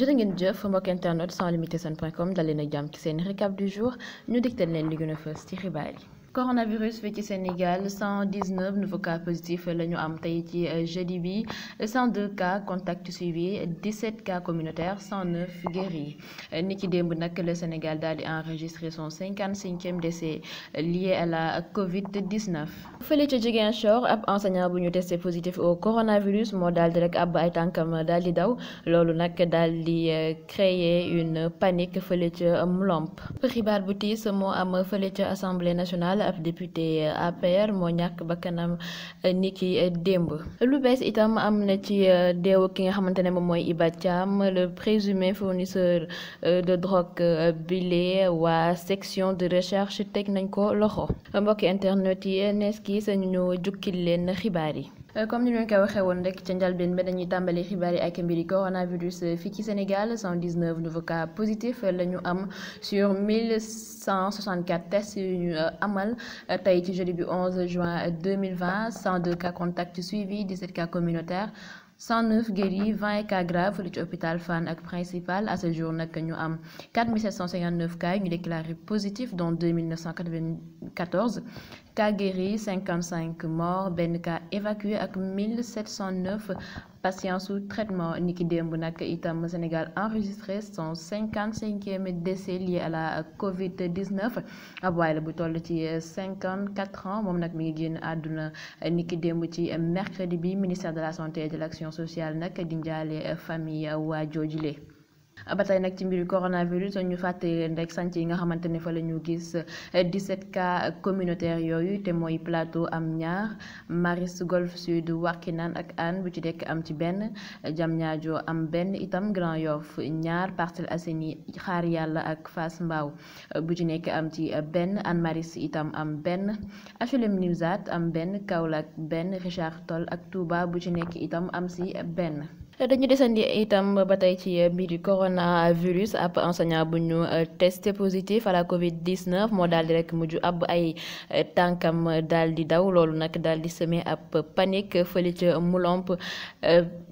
jërë ngeen jëf mbokk internet sans limite sen point com dal leen seen récap du jour ñu digtal leen li gën a fës yi. coronavirus fii ci Sénégal 119 nouveaux cas positifs la am tey ci euh, jeudi bi 102 cas contacts suivis 17 cas communautaires 109 guéris euh, ni ki démb nag le Sénégal daal di enregistré son 55e décès euh, lié à la Covid 19. fële ca Ziguinchor ab enseignant bu ñu testé positif au coronavirus moo daal di rek ab ay tànkam daal di daw loolu nag daal di créer une panique fële ca Mlomp xibaar bu tiis moo am fële ca assemblée nationale. ab député APR moo ñàkk bakkanam eh, ni ki eh, démb lu bees itam am na ci eh, deewu ki nga xamante ne moom mooy Iba Thiam le présumé fournisseur de drogue bilé waa section de recherche teg nañ ko loxo mbokki internet yi nees ki sañu ñu jukkil leen xibaar yi Euh, comme ni leen ko waxee woon rek ca njalbeen bi dañuy tàmbali xibaar ak mbiri coronavirus fii ci Sénégal 119 nouveaux cas positifs la ñu am sur 1164 tests yu ñu euh, amal euh, tey ci jeudi bi 11 juin 2020 102 cas contacts suivis 17 cas communautaires. 109 guéris 20 cas graves lu ci hôpital fan ak principal à ce jour nag ñu am 4759 cas ñu déclaré positif dont cas guéris 55 morts benn cas évacué ak 1709 patients sous traitement ni ki démb nag itam Sénégal enregistré son 55e décès lié à la Covid 19 ab waay la bu toll ci 54 ans moom nag mi ngi génn àdduna ni ki démb ci mercredi bi ministère de la santé et de l' sociale nag di njaale famille waa joojule ba tey nag ci mbiru coronavirus ñu fàtte rek sànc yi nga xamante ne fa la ñu gis ka cas communautaire yooyu te mooy plateau am ñaar maris golf sud Wakhinane ak Hann bu ci nekk am ci benn jam Diamniadio am benn itam Grand Yoff ñaar Parcelles Assainies xaar yàlla ak Fass Mbao bu ci nekk am ci benn Hann Maris itam am benn HLM Nimzatt am benn Kaolack benn Richard Toll ak Touba bu ci nekk itam am si benn dañu desandi itam ba tey ci eh, mbiru coronavirus ab enseignant bu ñu eh, testé positif à la Covid 19 moo daal di rek mujj ab ay eh, tànkam daal di daw loolu nag daal di semé ab panique fële ca Mulomp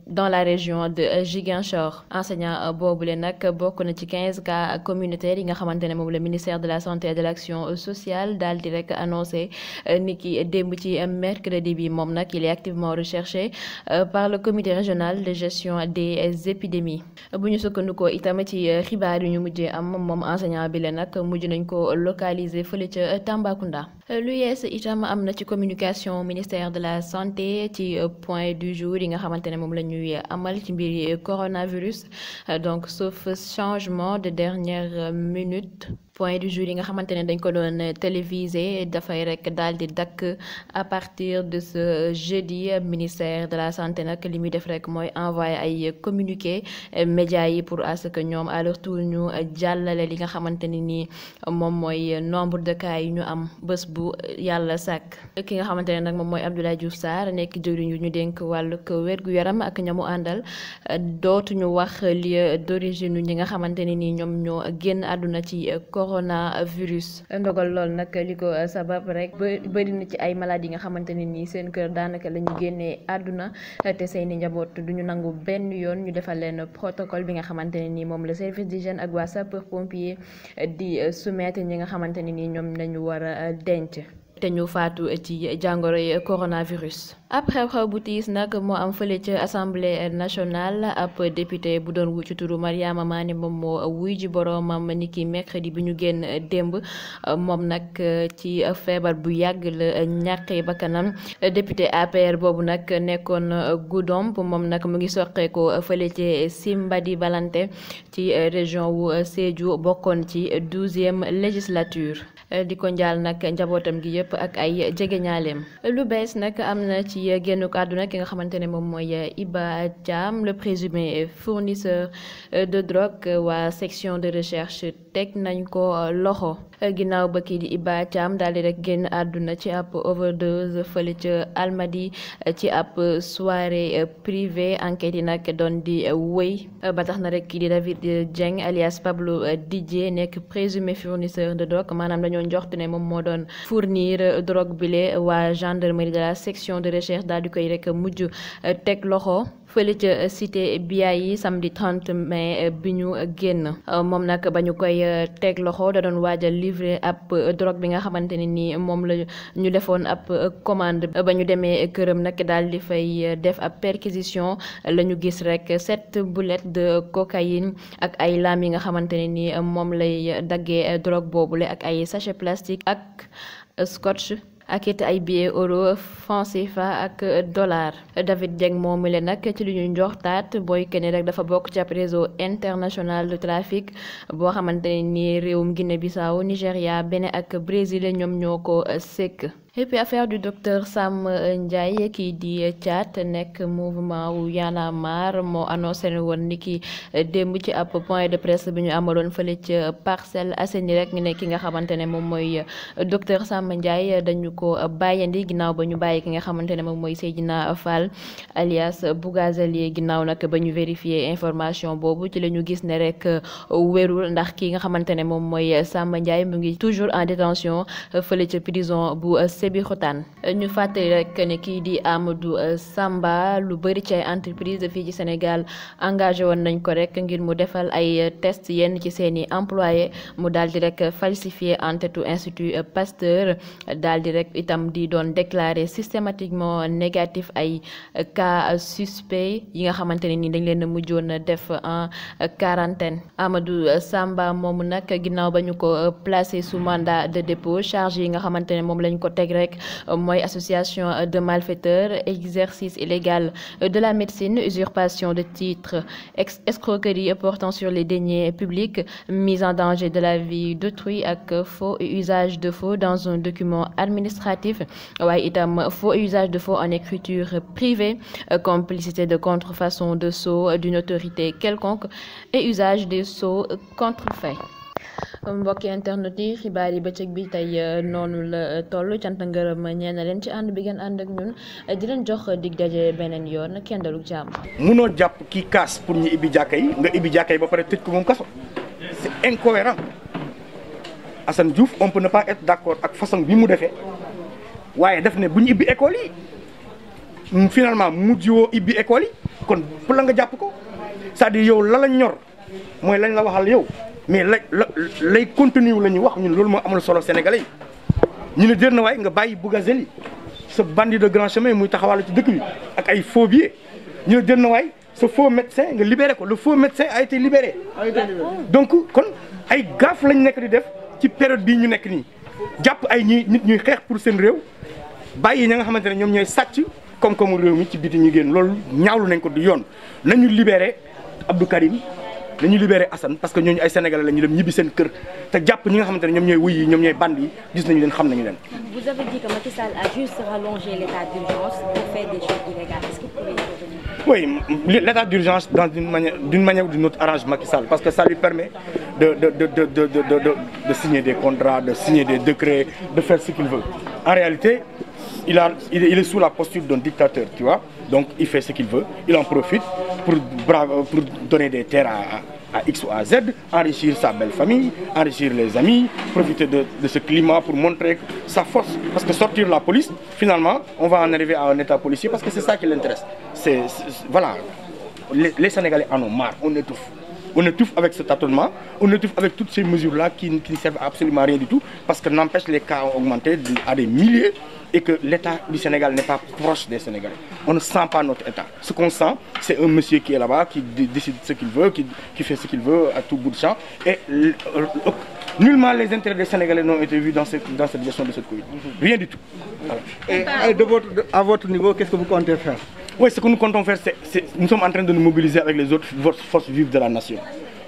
dans la région de Ziguinchor enseignant euh, boobule nag bokk na ci quinze cas communautaires yi nga xamante ne moom le ministère de la santé de l'action sociale daal di rek annoncé euh, ni ki démb ci mercredi bi moom nag il est activement recherché euh, par le comité régional de gestion des épidémies bu ñu sukkandikoo itam ci xibaar yu ñu mujjee am moom enseignant bi le nag mujj nañ ko localiser fële ca Tambacounda Euh, lu yees itam am na ci communication ministère de la santé ci euh, point du jour yi nga xamante ne moom la ñuy amal ci mbiri coronavirus euh, donc sauf changement de dernière minute point du jour yi nga xamante ne dañ ko doon télévisé dafay rek daal di dakk à partir de ce jeudi ministère de la santé nag li muy def rek mooy envoyé ay communiqué médias yi pour à que ñoom à leur tour ñu jàllale li nga xamante ne nii moom mooy nombre de yi ñu am bés bu yàlla sàkk ki nga xamante ne nag moom mooy Abdoulaye Diouf Sarr nekk jëwriñ yu ñu dénk wàll wér-gu-yaram ak ñamu àndal dootuñu wax lieu d'origine ñi nga xamante ne nii ñoom ñoo génn àdduna ci corona coronavirus ndogal lool nag li ko eh, sabab rek bëri na ci ay malades yi nga xamante ne nii seen kër daanaka la ñu génnee àdduna eh, te seeni njaboot duñu nangu benn yoon ñu defal leen protocole bi nga xamante ne nii moom la service d'hygiène ak waa sapeur pompier di soumettre ñi nga xamante ne nii ñoom nañu war a denc. te ñu faatu ci jàngoro yi coronavirus. ab xew-xew bu tiis nag moo am fële ca assemblée nationale ab député bu doon wu ci turu Mariama Mané moom moo wuy ji boroomam ni ki mercredi bi ñu génn démb moom nag ci feebar bu yàgg la ñàkkee bakkanam député APR boobu nag nekkoon Goudomp moom nag mu ngi soqeekoo fële ca Simbadi Balante ci région wu Sédhiou bokkoon ci douzième législature. di ko njaal nag njabootam gi yëpp ak ay jegeñaaleem lu bees nag am na ci génn ko àdduna ki nga xamante ne moom mooy Iba Thiam le présumé fournisseur de drogue waa section de recherche teg nañ ko euh, loxo euh, ginnaaw ba kii di Iba Thiam daal di rek génn àdduna ci ab overdose fële ca Almadi euh, ci ab soirée privée enquête yi nag doon di wéy ba na rek kii di David Dieng alias Pablo DJ nekk présumé fournisseur de drogue maanaam dañoo njort ne moom moo doon fournir drogue bile waa gendarmerie de section de recherche daal di koy rek mujj teg loxo. fële ca euh, cité Biaye samedi 30 mai euh, bi ñu génn euh, moom nag ba ñu koy teg loxo da doon waajal a livrer ab drogue bi nga xamante ne ni moom la ñu defoon ab commande ba ñu demee këram nag daal di fay def ab perquisition la ñu gis rek sept boulettes de cocaïne ak ay laam yi nga xamante ne ni moom lay daggee drogue boobule ak ay sachet plastique ak scotch. ak it ay billets euro franc CFA ak dollar David Dieng moomu le nag ci lu ñuy ñu njoxtaat booy kenn rek dafa bokk ci réseau international de trafic boo xamante ne nii réewum Guinée Bissau Nigéria Bénin ak Brésil ñoom ñoo ko sekk et affaire du docteur sàmm euh, Ndiaye kii di euh, Thiat nekk mouvement wu Y'en a marre moo annoncé woon ni ki euh, démb ci ab point de presse bi ñu amaloon fële parcelle Parcelles Assainies rek ñu ne ki nga xamante ne moom mooy docteur Sam Ndiaye dañu ko bàyyandi ginnaaw ba ñu bàyyi ki nga xamante ne moom mooy Seydina Fall alias Bougazali ginnaaw nag ba ñu vérifier information boobu ci la ñu gis ne rek wérul ndax ki nga xamante ne moom mooy Sam Ndiaye mu ngi toujours en détention fële prison bu. Sébikotane ñu fàttali rek ne kii di Amadou euh, Samba lu bëri ci ay entreprise fii ci Sénégal engagé woon nañ ko rek ngir mu defal ay test yenn ci seen i employé mu daal di rek falsifié en tête institut euh, Pasteur daal di rek itam di doon déclaré systématiquement négatif ay cas suspect yi nga xamante ne nii dañ leen mujjoon def en quarantaine Amadou euh, Samba moomu nag ginnaaw ba ñu ko placé sous mandat de dépôt charge yi nga xamante ne moom lañ ko teg rek euh, mooy association euh, de malfaiteurs exercice illégal euh, de la médecine usurpation de titres escroquerie portant sur les deniers publics mise en danger de la vie d'autrui ak faux et usage de faux dans un document administratif waaye itam faux et usage de faux en écriture privée complicité de contrefaçon de sceau d'une autorité quelconque et usage des sceaux contrefaits mbokki internet yi xibaar yi bëccëg bi tey euh, noonu la euh, toll cant ngërëm ñeen na leen ci ànd bi ngeen ànd ak ñun euh, di leen jox dig daje beneen yoon kenn dalu jàmm. munoo jàpp kii kaas pour ñu ibbi jàkka yi nga ibbi jàkka yi ba pare tëj ko moom kaso c'est incohérent Assane Diouf on peut ne pas d'accord ak façon bi mu defee waaye daf ne bu ñu ibbi école yi finalement mujj woo ibbi école yi kon pour la nga jàpp ko cest à yow la la ñor mooy lañ la waxal yow. mais la la lay continue wu la ñuy wax ñun loolu moo amul solo Sénégalais yi ñu ne dér waaye nga bàyyi Bougazelli sa bandit de grand chemin muy taxawal ci dëkk bi ak ay faux billets ñu ne dér na waay sa faux médecin nga libéré ko le faux médecin a été libéré. donc kon ay gaaf lañ nekk di def ci période bii ñu nekk nii jàpp ay ñuy nit ñuy xeex pour seen réew bàyyi ña nga xamante ne ñoom ñooy sàcc koom-koomu réew mi ci biti ñu génn loolu ñaawlu nañ ko du yoon nañu libéré Abdou Karim. nañu libéré Assane parce que ñooñu ay sénégalais la ñu dem ñibbi seen kër te jàpp ñi nga xamante ne ñoom ñooy wuy yi ñoom ñooy band yi gis nañu leen xam nañu leen. vous avez dit que Macky Sall a juste rallongé l'état d'urgence pour faire des choses illégales est-ce que vous pouvez oui l'état d'urgence dans une manière d'une manière ou d'une autre arrange Macky Sall parce que ça lui permet de de de de de de de de signer des contrats de signer des décrets de faire ce qu'il veut en réalité. il, a, il, il est sous la posture d'un dictateur, Donc il fait ce qu'il veut, il en profite pour, donner des terres à, à, X ou à Z, enrichir sa belle famille, enrichir les amis, profiter de, de, ce climat pour montrer sa force. Parce que sortir la police, finalement, on va en arriver à un état policier parce que c'est ça qui l'intéresse. C'est, voilà, les, les Sénégalais en ont marre, on étouffe on parce que n'empêche les cas ont à des milliers. et que l'État du Sénégal n'est pas proche des Sénégalais. On ne sent pas notre État. Ce qu'on sent, c'est un monsieur qui est là-bas, qui décide ce qu'il veut, qui, qui fait ce qu'il veut à tout bout de champ. Et euh, nullement les intérêts des Sénégalais n'ont été vus dans cette, dans cette gestion de cette Covid. Rien du tout. Alors. Et, et euh, de votre, de, à votre niveau, qu'est-ce que vous comptez faire Oui, ce que nous comptons faire, c'est nous sommes en train de nous mobiliser avec les autres forces vives de la nation.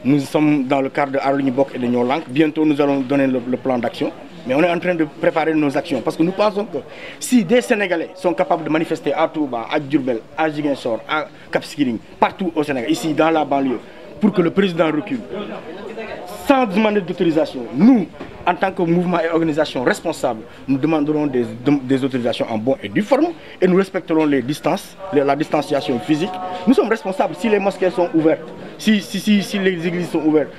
Nous sommes dans le cadre de Arlini Bok et de Nyolank. Bientôt, nous allons donner le, le plan d'action. Mais on est en train de préparer nos actions parce que nous pensons que si des Sénégalais sont capables de manifester à Touba, à Djurbel, à Ziguinchor, à Cap Skirring, partout au Sénégal, ici dans la banlieue, pour que le président recule, sans demander d'autorisation, nous, en tant que mouvement et organisation responsable, nous demanderons des, des autorisations en bonne et due forme et nous respecterons les distances, les, la distanciation physique. Nous sommes responsables si les mosquées sont ouvertes, si, si, si, si les églises sont ouvertes,